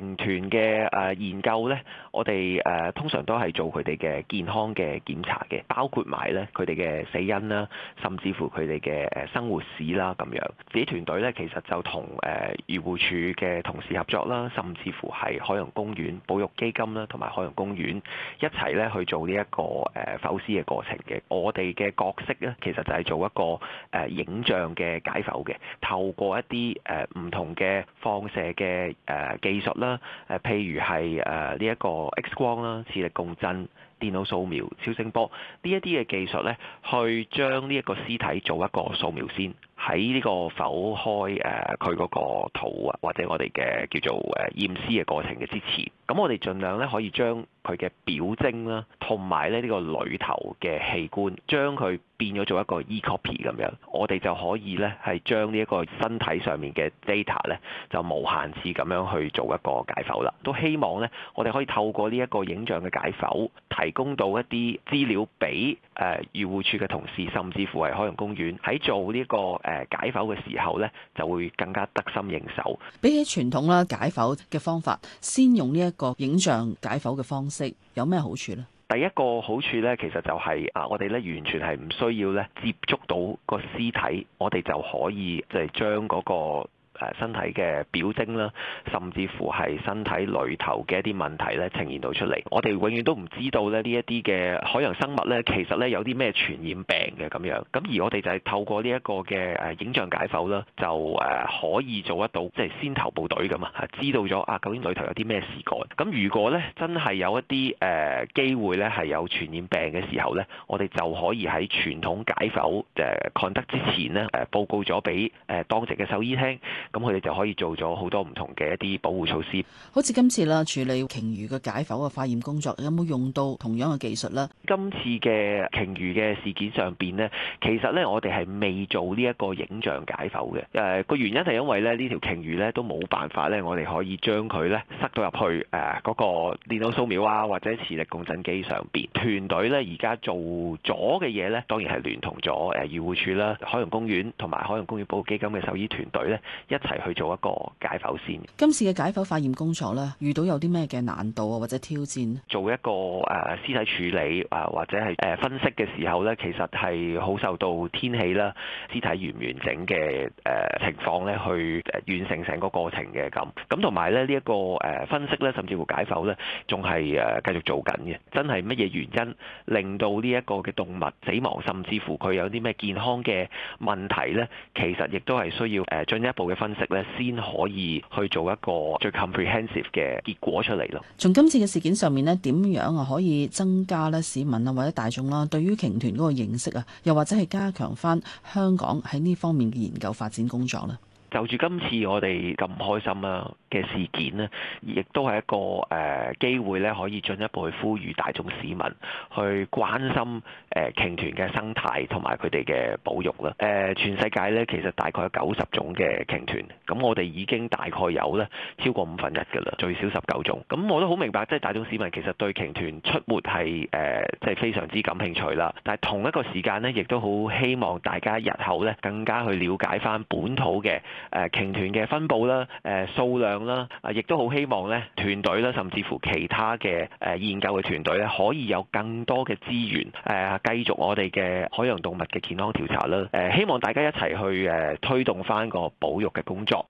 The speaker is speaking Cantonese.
鯨豚嘅誒研究咧，我哋誒通常都係做佢哋嘅健康嘅檢查嘅，包括埋咧佢哋嘅死因啦，甚至乎佢哋嘅誒生活史啦咁樣。自己團隊咧其實就同誒漁護署嘅同事合作啦，甚至乎係海洋公園保育基金啦，同埋海洋公園一齊咧去做呢一個誒剖屍嘅過程嘅。我哋嘅角色咧，其實就係做一個誒影像嘅解剖嘅，透過一啲誒唔同嘅放射嘅誒技術。啦，誒，譬如係誒呢一個 X 光啦、磁力共振、電腦掃描、超聲波呢一啲嘅技術咧，去將呢一個屍體做一個掃描先，喺呢個剖開誒佢嗰個肚啊，或者我哋嘅叫做誒驗屍嘅過程嘅之前，咁我哋儘量咧可以將佢嘅表徵啦，同埋咧呢個裏頭嘅器官，將佢變咗做一個 e copy 咁樣，我哋就可以咧係將呢一個身體上面嘅 data 咧就無限次咁樣去做一個解剖啦。都希望咧，我哋可以透過呢一個影像嘅解剖，提供到一啲資料俾誒漁護署嘅同事，甚至乎係海洋公園喺做呢個誒解剖嘅時候咧，就會更加得心應手。比起傳統啦解剖嘅方法，先用呢一個影像解剖嘅方式。有咩好處呢？第一個好處呢，其實就係、係、啊，我哋咧完全係唔需要咧接觸到個屍體，我哋就可以就係將嗰、嗰個。誒身體嘅表徵啦，甚至乎係身體裡頭嘅一啲問題咧，呈現到出嚟。我哋永遠都唔知道咧呢一啲嘅海洋生物咧，其實咧有啲咩傳染病嘅咁樣。咁而我哋就係透過呢一個嘅誒影像解剖啦，就誒可以做得到，即係先頭部隊咁啊，知道咗啊究竟裡頭有啲咩事幹。咁如果咧真係有一啲誒機會咧係有傳染病嘅時候咧，我哋就可以喺傳統解剖誒抗得之前咧誒、呃、報告咗俾誒當值嘅獸醫聽。咁佢哋就可以做咗好多唔同嘅一啲保護措施。好似今次啦，處理鯨魚嘅解剖嘅化驗工作，有冇用到同樣嘅技術呢？今次嘅鯨魚嘅事件上邊呢，其實呢，我哋係未做呢一個影像解剖嘅。誒、呃、個原因係因為咧呢條鯨魚呢都冇辦法呢，我哋可以將佢呢塞到入去誒嗰、呃嗰個電腦掃描啊或者磁力共振機上邊。團隊呢而家做咗嘅嘢呢，當然係聯同咗誒漁護署啦、海洋公園同埋海洋公園保護基金嘅獸醫團隊呢。一齊去做一個解剖先。今次嘅解剖化驗工作咧，遇到有啲咩嘅難度啊，或者挑戰？做一個誒、呃、屍體處理啊、呃，或者係誒分析嘅時候咧，其實係好受到天氣啦、屍體完唔完整嘅誒情況咧，去完成成個過程嘅咁。咁同埋咧，呢一、這個誒分析咧，甚至乎解剖咧，仲係誒繼續做緊嘅。真係乜嘢原因令到呢一個嘅動物死亡，甚至乎佢有啲咩健康嘅問題咧？其實亦都係需要誒進一步嘅。分析咧，先可以去做一個最 comprehensive 嘅結果出嚟咯。從今次嘅事件上面咧，點樣啊可以增加咧市民啊或者大眾啦對於鯨豚嗰個認識啊，又或者係加強翻香港喺呢方面嘅研究發展工作呢？就住今次我哋咁唔開心啦嘅事件呢，亦都係一個誒、呃、機會咧，可以進一步去呼籲大眾市民去關心誒鯨豚嘅生態同埋佢哋嘅保育啦。誒、呃，全世界咧其實大概有九十種嘅鯨豚，咁我哋已經大概有咧超過五分一嘅啦，最少十九種。咁我都好明白，即、呃、係大眾市民其實對鯨豚出沒係誒即係非常之感興趣啦。但係同一個時間呢，亦都好希望大家日後咧更加去了解翻本土嘅。誒鯨豚嘅分佈啦、誒數量啦，啊，亦都好希望咧團隊啦，甚至乎其他嘅誒研究嘅團隊咧，可以有更多嘅資源誒，繼續我哋嘅海洋動物嘅健康調查啦。誒，希望大家一齊去誒推動翻個保育嘅工作。